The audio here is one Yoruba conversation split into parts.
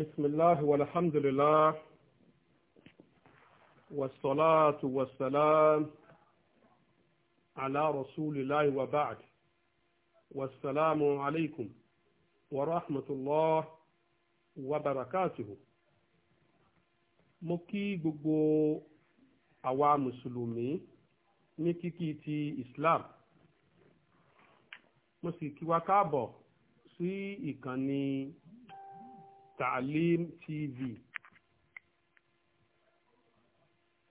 بسم الله والحمد لله والصلاة والسلام على رسول الله وبعد والسلام عليكم ورحمة الله وبركاته مكي kí gbogbo àwa mùsùlùmí ní kíkí ti Islam mo sì Talim TV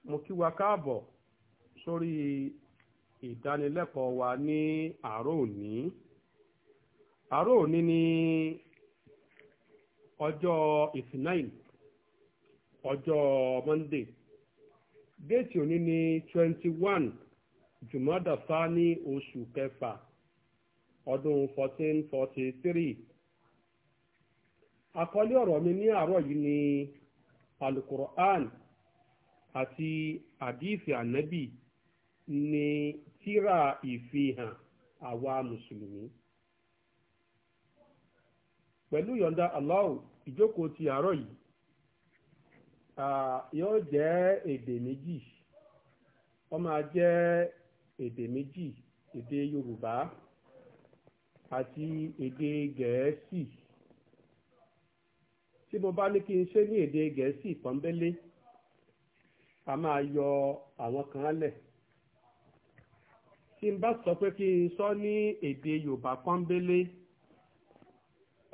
mo kí wa káàbọ̀ sórí ìdánilẹ́kọ̀ọ́ wa ní àárọ̀ òní àárọ̀ òní ní ọjọ́ ìsìnáìn ọjọ́ Monday déètì òní ní twenty one jùmọ́dàfá ní oṣù kẹfà ọdún fourteen àkọlé ọ̀rọ̀ mi ní àárọ̀ yìí ni alukur'an àti àdíìsì ànábì ni tírà ìfihàn àwa mùsùlùmí pẹ̀lú yọ̀ǹda Allah ìjókòó ti àárọ̀ yìí yóò jẹ́ èdè méjì ó máa jẹ́ èdè méjì èdè Yorùbá àti èdè Gẹ̀ẹ́sì. Si tí mo bá ní kí n ṣe ní èdè gẹ̀ẹ́sì pọ́nbélé a máa yọ àwọn kan lẹ̀ tí n bá sọ pé kí n sọ ní èdè yorùbá pọ́nbélé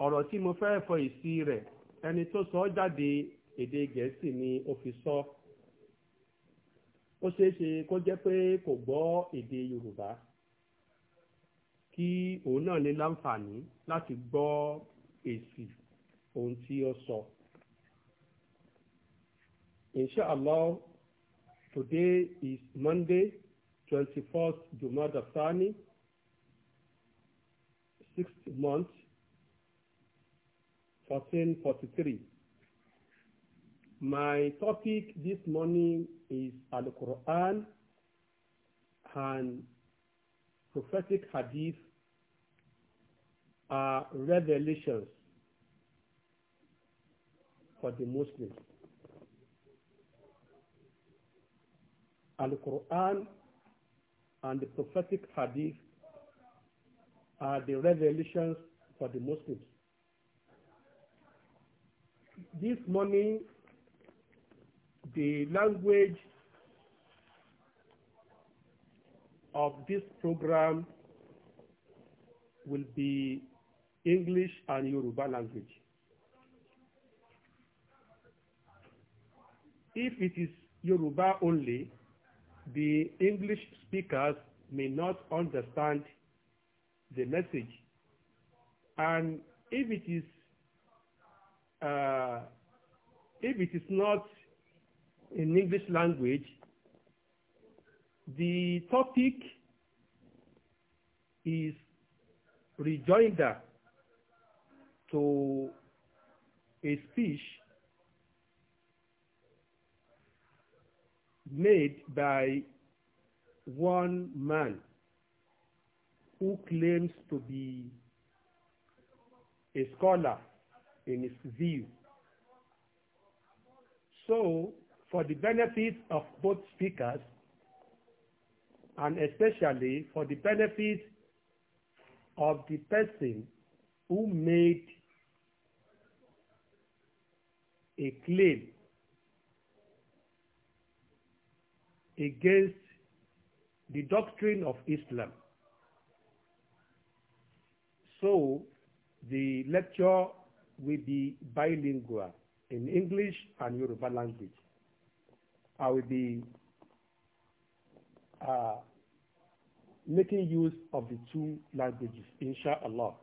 ọ̀rọ̀ tí mo fẹ́ fọ ìsí rẹ̀ ẹni tó sọ ọ́ jáde èdè gẹ̀ẹ́sì ni ó fi sọ ó ṣeé ṣe kó jẹ́ pé kò gbọ́ èdè yorùbá kí òun náà ní láǹfààní láti gbọ́ èsì. E si ohun tí ó sọ. Inshallah, today is Monday, twenty fourth Jumada Thani, sixth month, fourteen forty three. My topic this morning is Al-Quran and prophetic hadith are revelations for the Muslims. the quran and the prophetic hadith are the revelations for the Muslims. This morning, the language of this program will be English and Yoruba language. if it is Yoruba only, the English speakers may not understand the message. And if it is uh, if it is not in English language, the topic is rejoinder to a speech made by one man who claims to be a scholar in his view. So, for the benefit of both speakers, and especially for the benefit of the person who made a claim against the doctrine of Islam. So the lecture will be bilingual in English and Yoruba language. I will be uh, making use of the two languages, inshallah.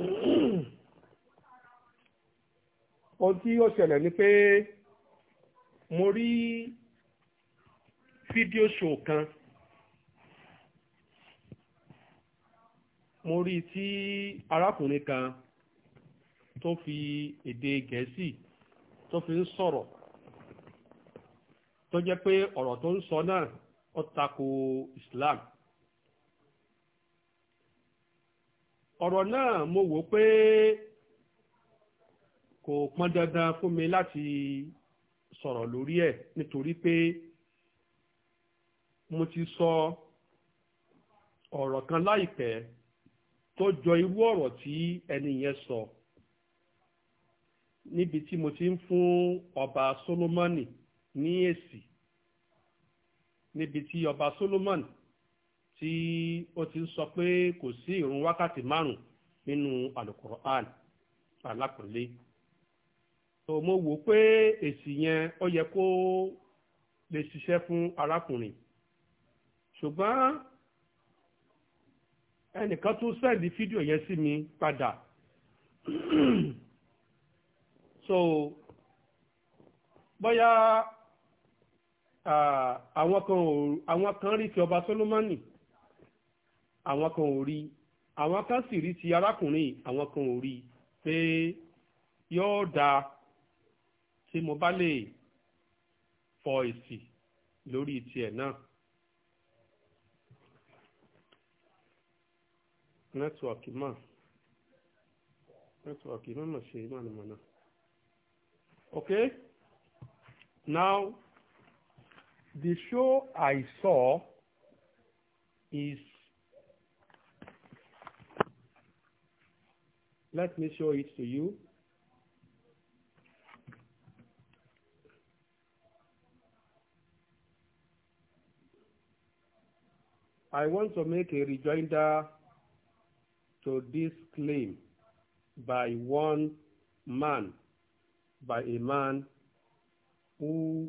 Ohun tí ó ṣẹlẹ̀ ni pé mo rí fídíò show kan mo rí i tí arákùnrin kan tó fi èdè gẹ̀ẹ́sì tó fi ń sọ̀rọ̀ tó jẹ́ pé ọ̀rọ̀ tó ń sọ náà ó tako Islam ọ̀rọ̀ náà mo wò pé kò pọn dandan fún mi láti sọ̀rọ̀ lórí ẹ̀ nítorí pé mo ti sọ ọ̀rọ̀ kan láìpẹ́ tó jọ irú ọ̀rọ̀ tí ẹni yẹn sọ níbi tí mo ti ń fún ọba Solomoni ní èsì níbi tí ọba Solomoni tí ó ti ń sọ pé kò sí ìrun wákàtí márùn nínú Al-Qur'an alápọ̀lé so mo wò pé èsì yẹn ó yẹ kó lè ṣiṣẹ́ fún arákùnrin ṣùgbọ́n ẹnìkan tún sẹ́ndì fídíò yẹn sí mi padà so bóyá àwọn kan ò àwọn kan rí ti ọba Solomoni àwọn kan ò rí àwọn kan sì rí ti arákùnrin àwọn kan ò rí pé yóò dáa tí mo bá lè fọ èsì lórí tiẹ̀ náà. nẹ́tíwọ̀kì mọ̀ ma mọ̀ ṣe mọ̀nàmọ̀nà okay now the show I saw is let me show it to you. I want to make a rejoinder to this claim by one man, by a man who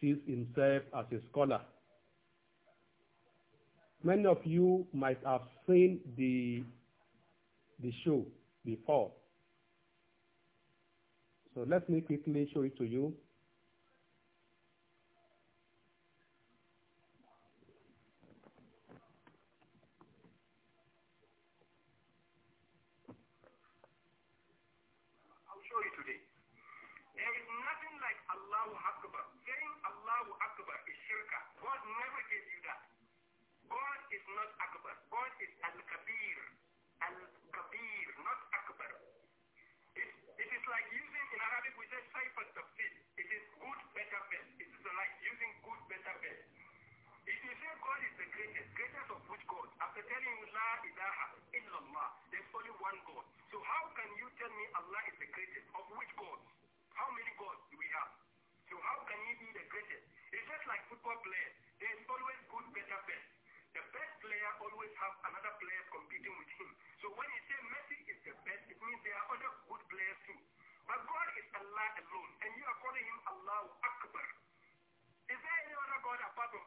sees himself as a scholar. Many of you might have seen the, the show before. So let me quickly show it to you.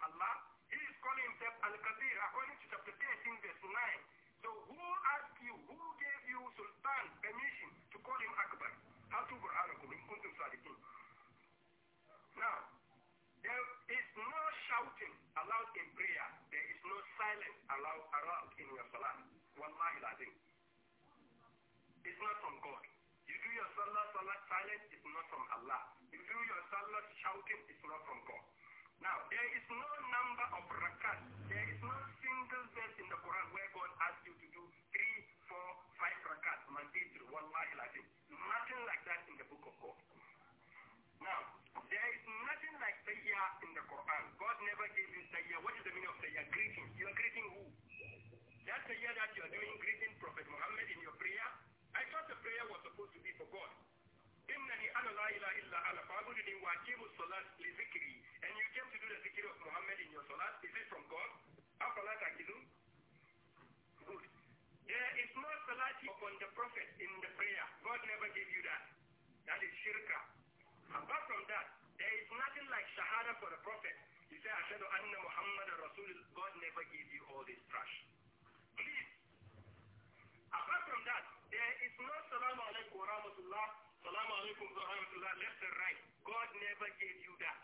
Allah, he is calling himself Al-Kabir according to chapter 13 verse 9. So who asked you, who gave you Sultan permission to call him Akbar? How to Burhanakum in Kuntum Now, there is no shouting allowed in prayer. There is no silence allowed, allowed in your salah. Wallahi lazim. It's not from God. You do your salah, salah silent, it's not from Allah. You do your salah shouting, it's not from God. Now, there is no number of rakat. There is no single verse in the Quran where God asks you to do three, four, five rakat, mandatory, wallahi lazim. Nothing like that in the book of God. Now, there is nothing like sayyah in the Quran. God never gave you sayyah. What is the meaning of sayyah? Greeting. You are greeting who? That sayyah that you are doing, greeting Prophet Muhammad in your prayer. I thought the prayer was supposed to be for God. Innani ana la ilaha illa ana fa'buduni wa aqimu salat li And you came to do the zikri of Muhammad in your salat. Is it from God? Afala takidu? Good. There is no salat upon the Prophet in the prayer. God never gave you that. That is shirka. Apart from that, there is nothing like shahada for the Prophet. You say, Ashadu anna Muhammad Rasul. God never gave you all this trash. Please. Apart from that, there is no salamu alaykum wa rahmatullah Assalamu alaikum wa rahmatullah, left and right. God never gave you that.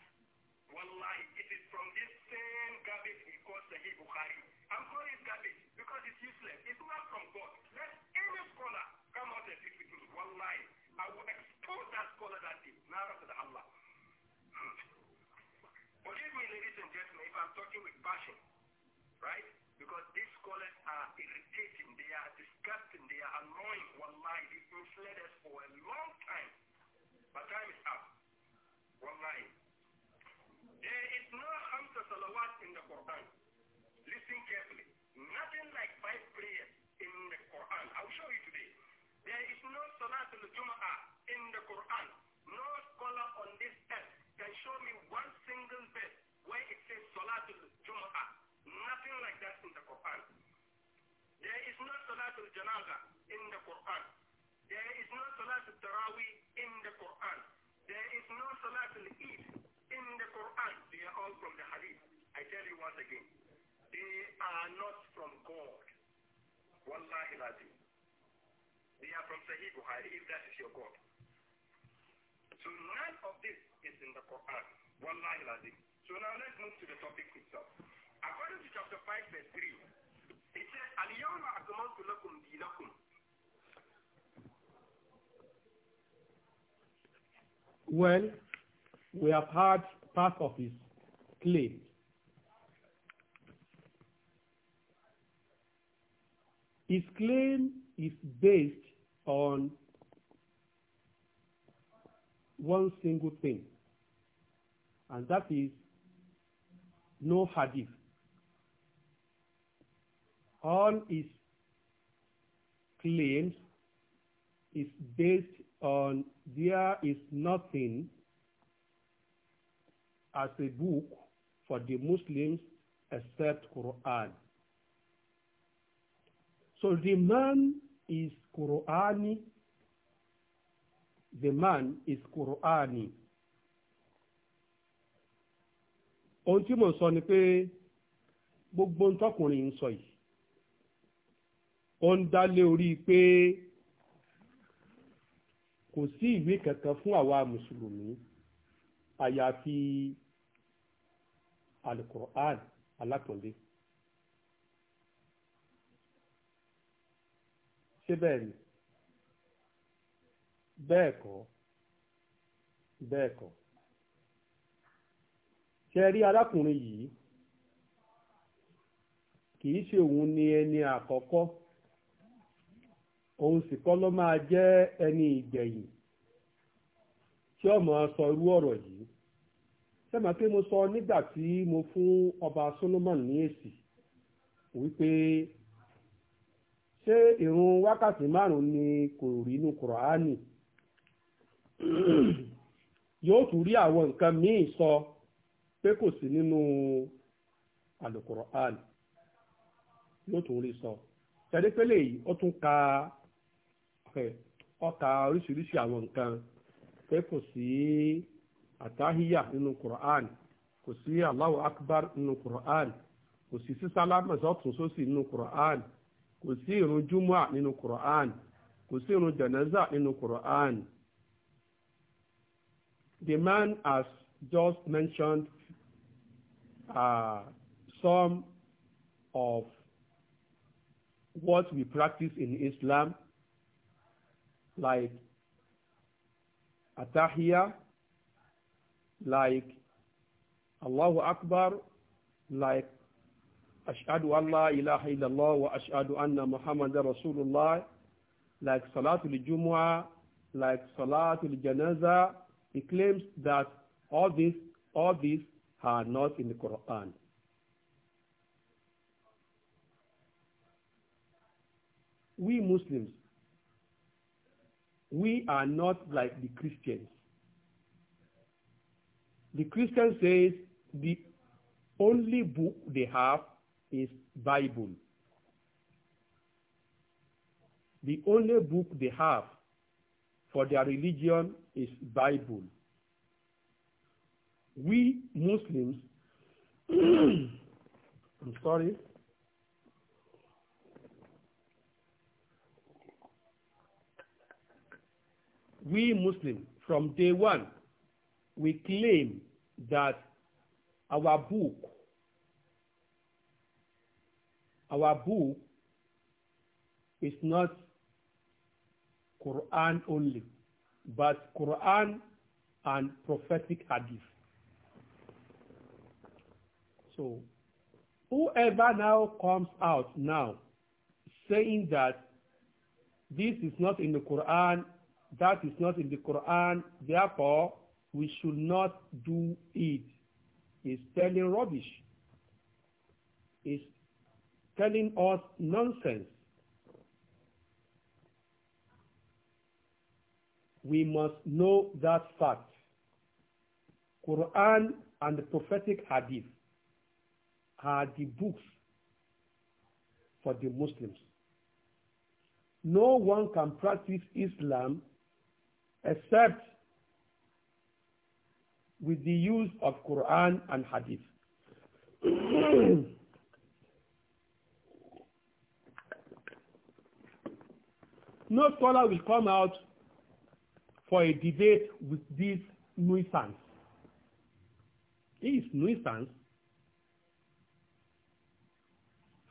Wallahi, it is from this same garbage he calls the Bukhari. I'm calling it garbage because it's useless. It's not from God. Let any scholar come out and speak with me. Wallahi, I will expose that scholar that day. Nara to Allah. Forgive hmm. me, ladies and gentlemen, if I'm talking with passion, right? Because these scholars are irritating, they are disgusting, they are annoying. Wallahi, they misled us for a long time. But time is up. Wallahi. There is no Hamza Salawat in the Quran. Listen carefully. Nothing like five prayers in the Quran. I'll show you today. There is no Salat al-Jum'ah in the Quran. once again, they are not from God. Wallahi lazim. They are from Sahih Bukhari, if that is your God. So none of this is in the Quran. Wallahi lazim. So now let's move to the topic itself. According to chapter 5, verse 3, it says, Al-Yawma akmaltu lakum dinakum. Well, we have heard part of his claim His claim is based on one single thing, and that is no hadith. All his claims is based on there is nothing as a book for the Muslims except Quran. So the man is Qur'ani. The man is Qur'ani. Ohun tí mò ń sọ ni pé gbogbo ntọ́kùnrin ń sọ yìí. Ó ń dá lé orí pé kò sí ìwé kankan fún àwa Mùsùlùmí àyàfi Al-Qur'an alákùnrin. ṣé bẹ́ẹ̀ ni bẹ́ẹ̀ kọ́ ṣe rí arákùnrin yìí kìí ṣe òun ni ẹni àkọ́kọ́ òun sì kọ́ ló máa jẹ́ ẹni ìgbẹ̀yìn tí ọmọ sọ irú ọ̀rọ̀ yìí sẹ́mà pé mo sọ nígbà tí mo fún ọba Solomon ní èsì wípé ṣé irun wákàtí márùn ni kò rí inú kùrọ̀ánì yóò tún rí àwọn nǹkan míì sọ pé kò sí nínú àlùkùrọ̀ánì yóò tún rí sọ tẹ́lẹ́pẹ́lẹ́ yìí ó tún ka ó ka oríṣiríṣi àwọn nǹkan pé kò sí àtàhíyà nínú kùrọ̀ánì kò sí Allahu akbar nínú kùrọ̀ánì kò sí sísálámà sọ́tún sósì nínú kùrọ̀ánì. kò sí ìrun júmọ́à nínú Quran kò sí ìrun janaza nínú Quran the man has just mentioned uh, some of what we practice in Islam like atahiyah like Allahu Akbar, like أشهد أن لا إله إلا الله وأشهد أن محمد رسول الله like Salatul Jumu'ah, like Salatul Janaza, he claims that all these, all these are not in the Quran. We Muslims, we are not like the Christians. The Christian says the only book they have is Bible. The only book they have for their religion is Bible. We Muslims, I'm sorry, we Muslims from day one, we claim that our book our book is not Quran only, but Quran and prophetic hadith. So, whoever now comes out now saying that this is not in the Quran, that is not in the Quran, therefore we should not do it, is telling rubbish. Is telling us nonsense. We must know that fact. Quran and the prophetic hadith are the books for the Muslims. No one can practice Islam except with the use of Quran and hadith. no scholar will come out for a debate with this nuisance. He is nuisance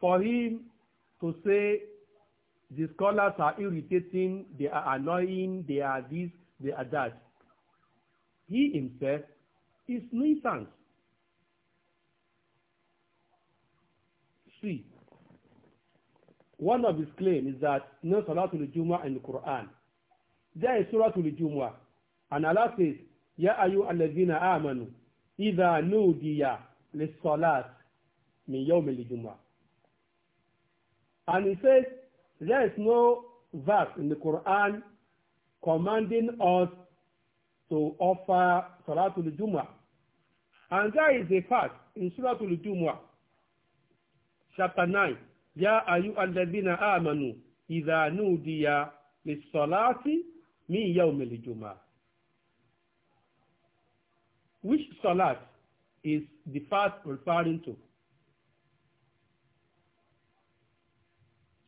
for him to say the scholars are irritating, they are annoying, they are this, they are that. He himself is nuisance. See. One of his claims is that no Salatul Jumu'ah in the Quran. There is Suratul Jumu'ah. And Allah says, Ya ayu alladhina amanu, idha nudiya lis-salat min yawm al-jumu'ah. And he says, there is no verse in the Quran commanding us to offer Salatul Jumu'ah. And there is a fact in Suratul Jumu'ah, chapter 9, يا أيها الذين آمنوا إذا نودي للصلاة من يوم الجمعة Which salat is the fast referring to?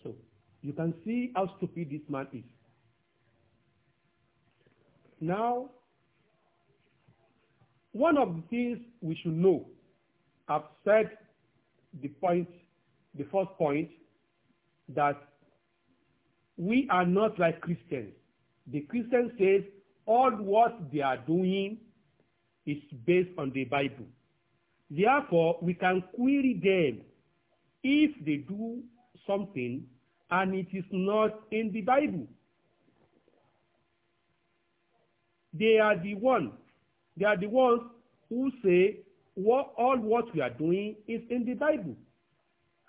So, you can see how stupid this man is. Now, one of the things we should know, I've said the point the first point that we are not like Christians. The Christian says all what they are doing is based on the Bible. Therefore, we can query them if they do something and it is not in the Bible. They are the ones. They are the ones who say what, all what we are doing is in the Bible.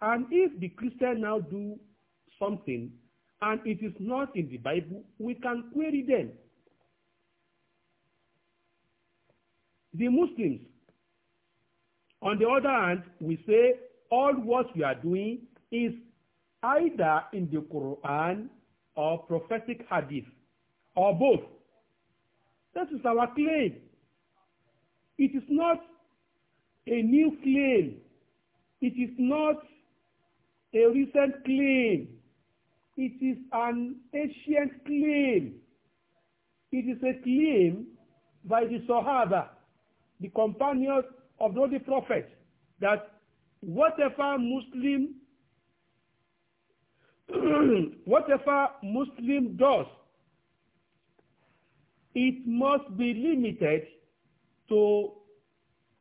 And if the Christian now do something and it is not in the Bible, we can query them. The Muslims, on the other hand, we say all what we are doing is either in the Quran or prophetic hadith or both. That is our claim. It is not a new claim. It is not a recent claim. It is an ancient claim. It is a claim by the Sahaba, the companions of the Holy Prophet, that whatever Muslim whatever Muslim does, it must be limited to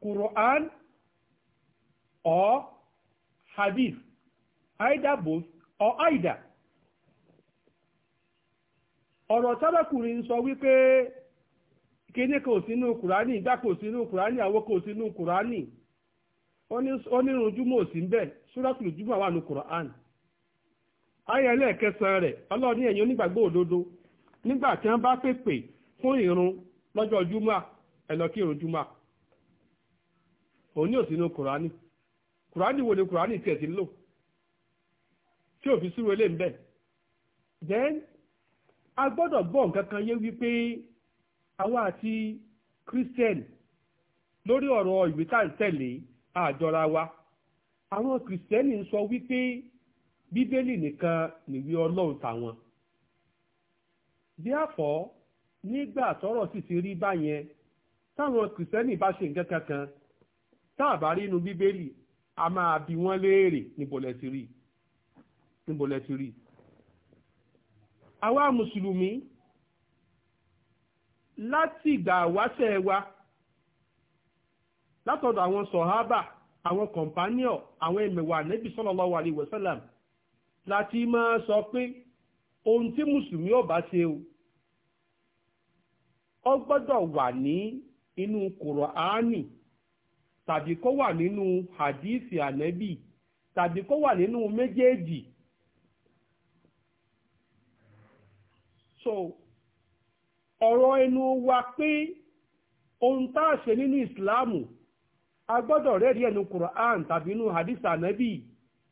Quran or Hadith. either both or either. ọ̀rọ̀ tábàkùnrin sọ wípé kíní kò sínú kùránì ìgbà kò sínú kùránì àwo kò sínú kùránì onírúnjúmọ̀ sí ń bẹ̀ súrátùlù júmọ̀ wà ní kùránì. ayé ẹlẹ́ẹ̀kẹsàn rẹ̀ ọlọ́ọ̀ni ẹ̀yin onígbàgbọ́ òdodo nígbà tí wọ́n bá pèpè fún ìrun lọ́jọ́ ẹ̀lọ́kí ìrun kùránì tí ò fi sírò lè ń bẹ̀. then a gbọ́dọ̀ gbọ́ nǹkan kan yé wípé àwa àti christian lórí ọ̀rọ̀ ìwé tá à ń tẹ̀lé àjọra wa àwọn Christian ń sọ wípé bíbélì nìkan nìwé ọlọ́run tàwọn therefore nígbà tọ́rọ̀ sì ti rí báyẹn táwọn kìrìsìtẹ́nì bá ṣe nǹkan kankan tá a bá rí inú bíbélì a máa bi wọ́n léèrè níbo lẹ rí i níbo lẹ ti rí àwa mùsùlùmí láti ìgbà àwáṣẹ wa látọ̀dọ̀ àwọn sọ̀hábà àwọn kọ̀mpánìọ̀ àwọn ẹ̀mẹ̀wà nẹ́bí sallallahu alaihi wasallam láti máa sọ pé ohun tí mùsùlùmí ò bá ṣe o ó gbọ́dọ̀ wà ní inú kùrọ̀áánì tàbí kó wà nínú hadithi ànẹ́bì tàbí kó wà nínú méjèèjì so ọ̀rọ̀ ẹnu wa pé ohun tá a ṣe nínú ìsìláàmù a gbọ́dọ̀ rẹ́ẹ̀rí ẹnu Qur'an tàbí inú hadith anabi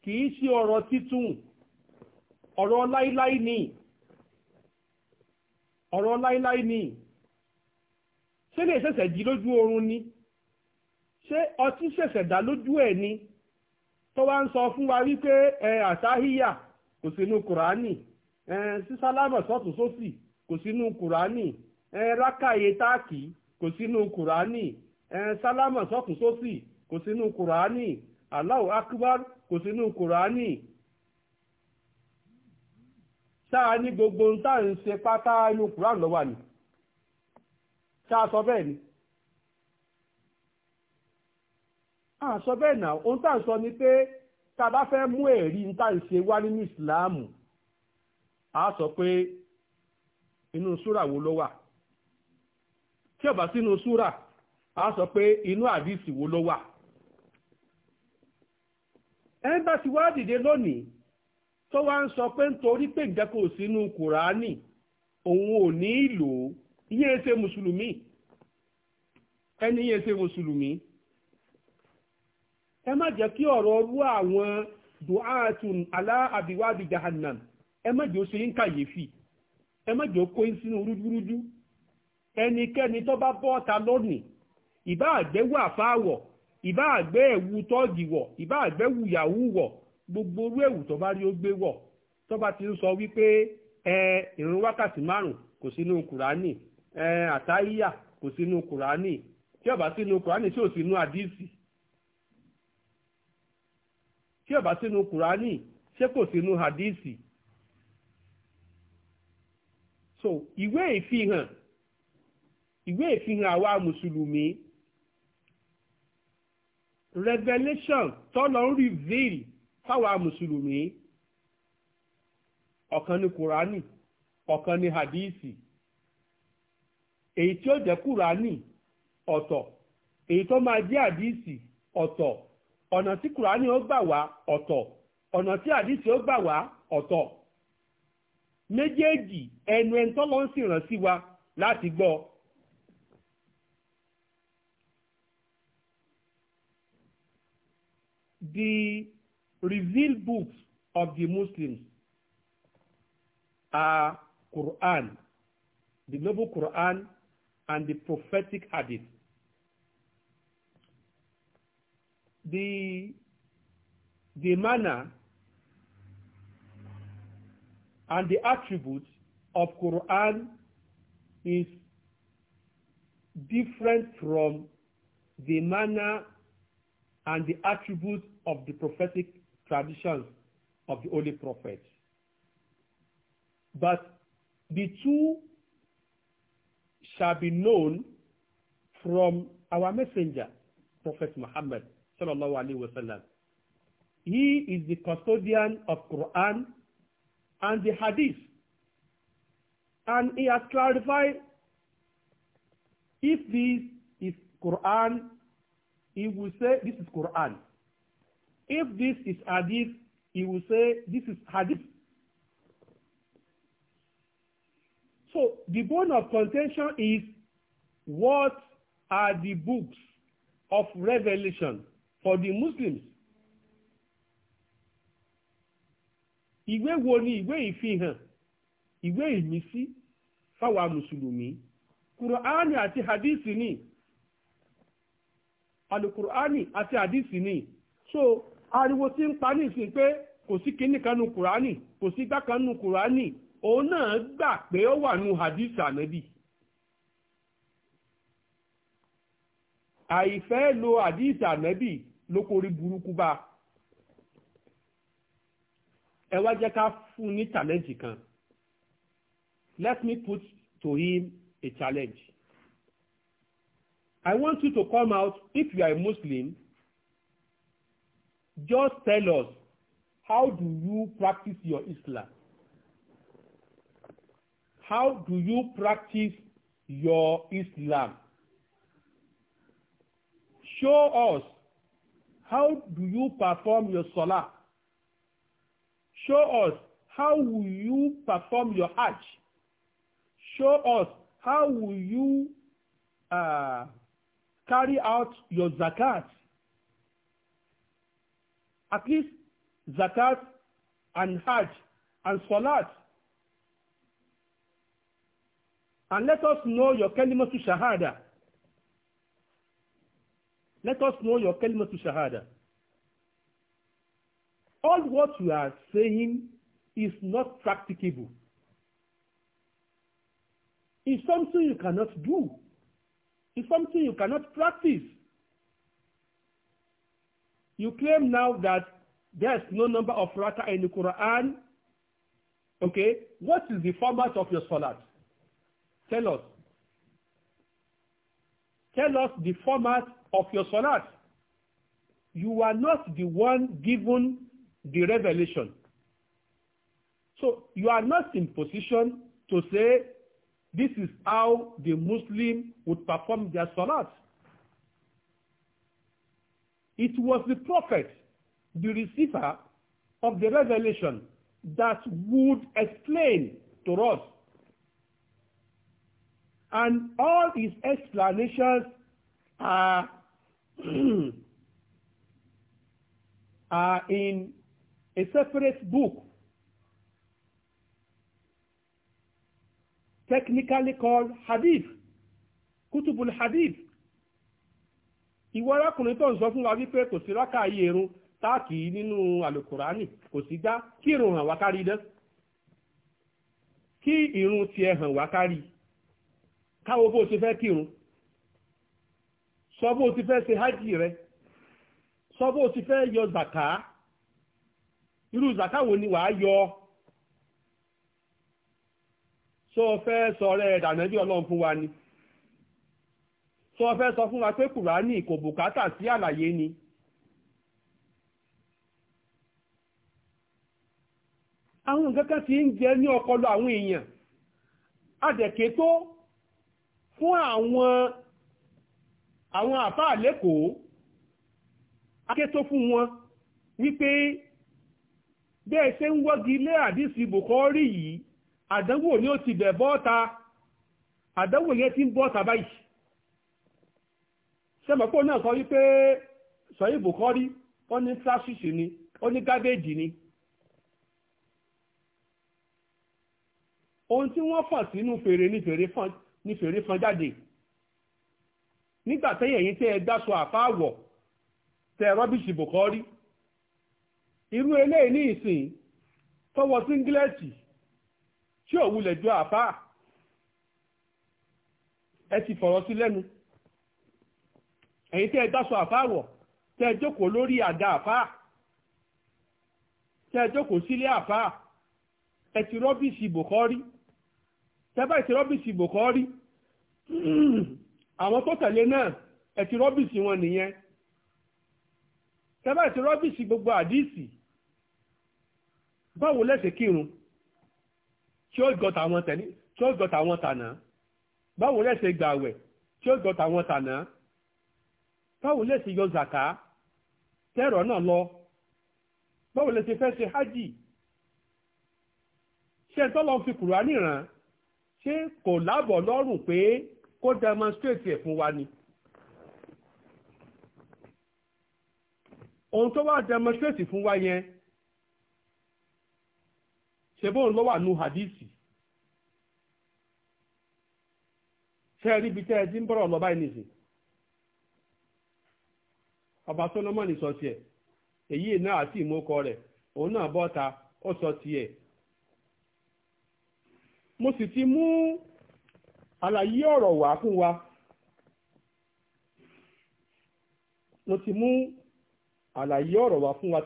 kì í ṣe ọ̀rọ̀ títún ọ̀rọ̀ láíláí ni ọ̀rọ̀ láíláí ni ṣé lè ṣẹ̀ṣẹ̀ jí lójú oorun ni ṣé ọtí ṣẹ̀ṣẹ̀ dá lójú ẹ̀ ni tó wá ń sọ fún wa wípé ẹ àṣáhíyà kò sínú sísálámà sọ́tún sósì kò sínú kùránì rákàyè táàkì kò sínú kùránì sálámà sọ́tún sósì kò sínú kùránì Allahu akbar kò sínú kùránì sáà ní gbogbo ń táà ń ṣe pátá inú kùránì lọ́wọ́ ni sáà sọ bẹ́ẹ̀ ni àà sọ bẹ́ẹ̀ náà ohun táà ń sọ ni pé tá a bá fẹ́ mú ẹ̀rí ń táà ń ṣe wá nínú ìsìláàmù a sọ pé inú súrà wo ló wà tí ó bá sínú súrà a sọ pé inú àdìsí wo ló wà ẹ̀ńbàsí wá dìde lónìí tó wá ń sọ pé nítorí pé nǹkan kò sínú kùránì òun ò ní ìlò ìyẹn ṣe mùsùlùmí ẹni yẹn ṣe mùsùlùmí ẹ má jẹ́ kí ọ̀rọ̀ rú àwọn duhatun aláàbíwádìí jahannam ẹ má jẹ́ ó ṣe ń kàyéfì ẹ má jẹ́ sínú ẹnikẹni tó bá bọ́ ọ̀ta lónìí ìbá àgbẹ̀ wà fáwọ̀ ìbá àgbẹ̀ ẹ̀wù tọ́ọ̀gì wọ̀ ìbá wù wọ̀ gbogbo orú ewu tó bá rí ó gbé sọ wípé ẹ wákàtí márùn kò sínú kùránì ẹ kò sínú kùránì tí sínú kùránì tí ò sínú àdìsí tí sínú kùránì ṣé so ìwé ìfihàn ìwé ìfihàn awa mùsùlùmí revelation tọ́lọ̀ ń reveal fáwa mùsùlùmí ọ̀kan ni kùránì ọ̀kan ni hadíìsì èyí tí ó jẹ́ kùránì ọ̀tọ̀ èyí tó máa jẹ́ hadíìsì ọ̀tọ̀ ọ̀nà tí kùránì ó gbà wá ọ̀tọ̀ ọ̀nà tí hadíìsì ó gbà méjèèjì ẹnu ẹni tọ́lọ́ ń sì rán sí wa láti gbọ́ the revealed books of the Muslims are Quran, the Noble Quran, and the prophetic hadith. The, the manner and the attributes of Quran is different from the manner and the attributes of the prophetic traditions of the holy prophets. But the two shall be known from our messenger, Prophet Muhammad sallallahu alaihi wasallam. He is the custodian of Quran and the hadith. And he has clarified if this is Quran, he will say this is Quran. If this is hadith, he will say this is hadith. So the bone of contention is what are the books of revelation for the Muslims? ìwé wo ni ìwé ìfihàn ìwé ìmísí fáwa mùsùlùmí kùránì àti hadísì ni alùkùránì àti hadísì ni so ariwo tí ń pa ní ìsìn pé kò sí kinní kan nu kùránì kò sí igbá kan nu kùránì òun náà gbà pé ó wà nu hadísì ànábì àìfẹ́ lo hadísì ànábì ló kórí burúkú bá a. ẹ wá jẹ́ ká fún ní challenge kan let me put to him a challenge I want you to come out if you are a Muslim just tell us how do you practice your Islam how do you practice your Islam show us how do you perform your salah Show us how will you perform your Hajj. Show us how will you uh, carry out your zakat. At least zakat and Hajj and Salat. And let us know your kalimatu shahada. Let us know your kalimatu shahada all what you are saying is not practicable. It's something you cannot do. It's something you cannot practice. You claim now that there's no number of rak'ah in the Quran. Okay, what is the format of your salat? Tell us. Tell us the format of your salat. You are not the one given the revelation. So you are not in position to say this is how the Muslim would perform their salat. It was the prophet, the receiver of the revelation that would explain to us. And all his explanations are, are in a separate book technically called hadith kutubul hadith ìwọ arákùnrin tó ń sọ fún wa wípé kò sí rákà yìí irun táàkì nínú àlùkùránì kò sí dá kí irun hàn wá kárí dán kí irun tiẹ̀ hàn wá kárí káwo bó ti fẹ́ kírun sọ bó ti fẹ́ ṣe hájì rẹ sọ bó ti fẹ́ yọ zàkàá irú zakawo wo ni wàá yọ sọ fẹ́ sọ rẹ̀ dànẹ́bí ọlọ́run fún wa ni sọ fẹ́ sọ fún wa pé kùránì kò bùkátà sí àlàyé ni àwọn nǹkan ti ń jẹ ní ọpọlọ àwọn èèyàn adẹ̀kẹ́ tó fún àwọn àwọn àfáà lẹ́kọ̀ọ́ aké fún wọn wípé bẹ́ẹ̀ ṣe ń wọ́gi ilé àdìsí rí yìí àdánwò ni ó ti bẹ̀ bọ́ta àdánwò yẹn ti ń bọ́ta báyìí sẹ́mọ̀pọ̀ náà sọ wípé sọ̀yìn rí ó ní tíráṣìṣì ni ó ní gábéèjì ni ohun tí wọ́n fọ̀n sínú fèrè ni fèrè fọn jáde nígbà tẹ́yìn ẹ̀yìn tẹ́ ẹ dáṣọ àfáàwọ̀ tẹ́ rọ́bìṣì rí. irú eléyìí ní ìsìn tọwọ́ síngílẹ̀tì tí ò wulẹ̀ jọ àbá ẹ ti fọ̀rọ̀ sí lẹ́nu ẹ̀yin tẹ́ ẹ dáṣọ àbá wọ̀ tẹ́ ẹ jókòó lórí àga àbá tẹ́ ẹ jókòó sílé àbá ẹ ti rọ́bìsì bòkọ́rí tẹ́ bá ti rọ́bìsì bòkọ́rí àwọn tó tẹ̀lé náà ẹ ti rọ́bìsì wọn nìyẹn tẹ́ bá ti rọ́bìsì gbogbo àdìsì báwo lẹ́sẹ̀ kírun tí ó gọta àwọn tẹ̀lé tí ó gọta àwọn tànà báwo lẹ́sẹ̀ gbàwẹ̀ tí ó gọta àwọn tànà báwo lẹ́sẹ̀ yọ zàká tẹ́rọ náà lọ báwo lẹ́sẹ̀ fẹ́ ṣe hajj ṣé tọ́lọ́ fi Kùránì rán ṣé kò lábọ̀ lọ́rùn pé kó demonstrate ẹ̀ fún wa ni. ohun tó wá demonstrate fún wa yẹn ṣebóun lọ wà nù hadisi ṣe rí ibi tẹ́ ẹ ti ń lọ báyìí ọba solomoni sọ tiẹ̀ èyí náà àti rẹ̀ òun náà ó sọ mo sì ti mú àlàyé ọrọ wá fún wa mo ti mú àlàyé wá wa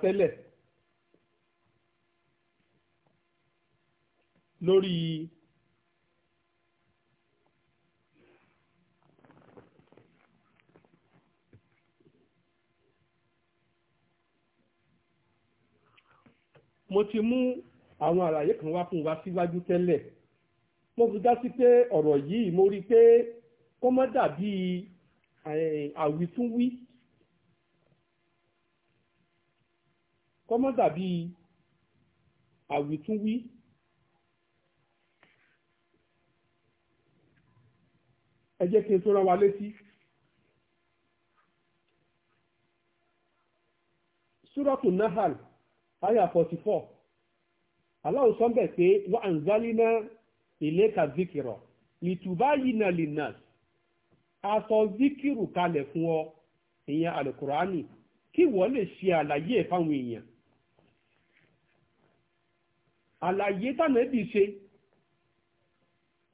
lórí mo ti mú àwọn àlàyé kan wá fún wa síwájú tẹ́lẹ̀ mo fi dá sí pé ọ̀rọ̀ yìí mo rí i pé kó má dàbí àwítúnwí kó má dàbí àwítúnwí. ẹ jẹ́ kí n tó rán wa létí. súrọ́tù nahal aya forty four aláwo sọ bẹ́ẹ̀ pé wà á ń zálí ilé ka zikirọ̀ lìtùbá yìí na linas aṣọ zikiru kalẹ̀ fún ọ ìyẹn alukurani kí wọ́n lè ṣe àlàyé ẹ̀ fáwọn èèyàn àlàyé tànà ẹbí ṣe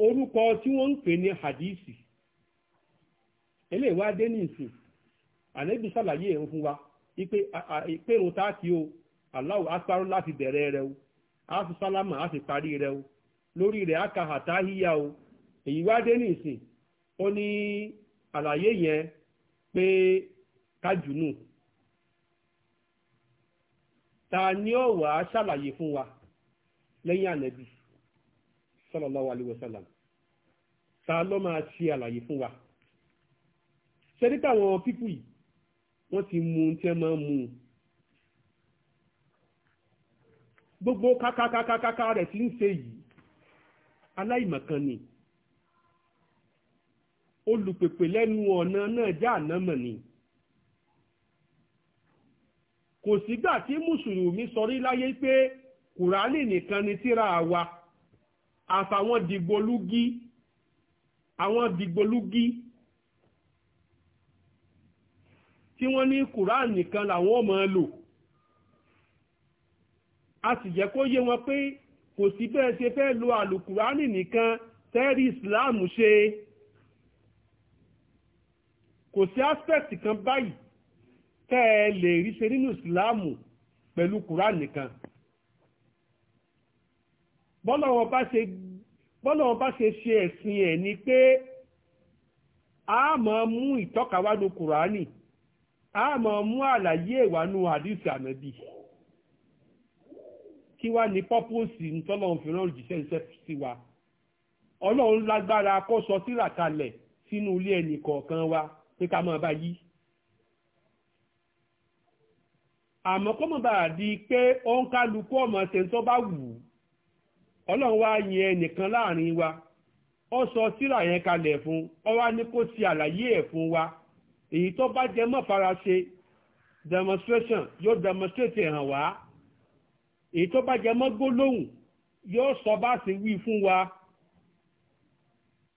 orúkọ tí wọ́n ń pè ní hadisi ele iwa dé ní ìsìn ànábì ṣàlàyé ẹ̀hún e fún wa ipe ìpérò táàkì o aláwọ̀ asáró láti bẹ̀rẹ̀ rẹ o àfi sálámà àfi parí rẹ o lórí rẹ̀ àka àtàhíyà o èyí wá dé ní ìsìn ó ní àlàyé yẹn pé kájùnù ta ni ó wà á ṣàlàyé fún wa lẹ́yìn ànábì sallallahu alaihi wasallam ta ló máa ṣe àlàyé fún wa. ṣe ní táwọn pípù yìí wọ́n ti mu tí ẹ máa ń mu gbogbo kákákákákáká rẹ̀ ti ń ṣe yìí aláìmọ̀kan ni olùpèpè lẹ́nu ọ̀nà náà já ànámọ̀ ni kò sígbà tí mùsùlùmí sọ rí láyé pé kùránì nìkan ni tírà wa àfàwọn dìgbòlúgí àwọn dìgbòlúgí tí wọ́n ní Quran nìkan làwọn ọmọ lò a sì jẹ́ kó yé wọn pé kò sí bẹ́ẹ̀ ṣe fẹ́ lo àlùkùránì nìkan tẹ́rí Islam ṣe kò sí aspect kan báyìí tẹ́ ẹ lè rí ṣe nínú Islam pẹ̀lú Quran nìkan bọ́lá wọn bá ṣe ṣe ẹ̀sìn ẹ̀ ni pé a máa mú ìtọ́ka wá a máa mú àlàyé ìwánú àdìsí ànábì kí wá ní pọ́pọ́sì ntọ́lọ́run fi rán òjíṣẹ́ iṣẹ́ sí wa ọlọ́run lágbára kó sọ tírà kalẹ̀ sínú ilé ẹnì kọ̀ọ̀kan wa pé ká máa bá yí. àmọ́ kó mọ̀ bá a di pé ó ń kálukú ọmọ ṣèǹtọ́ bá wù ú ọlọ́run wá yẹn ẹnìkan láàrin wa ó sọ tírà yẹn kalẹ̀ fún ọ wá ní kó ti àlàyé ẹ̀ fún wa èyí tó bá jẹ mọ́ faraṣe demonstration yóò demonstrate hàn wá èyí tó bá jẹ mọ́ gbólóhùn yóò sọ bá sì wí fún wa.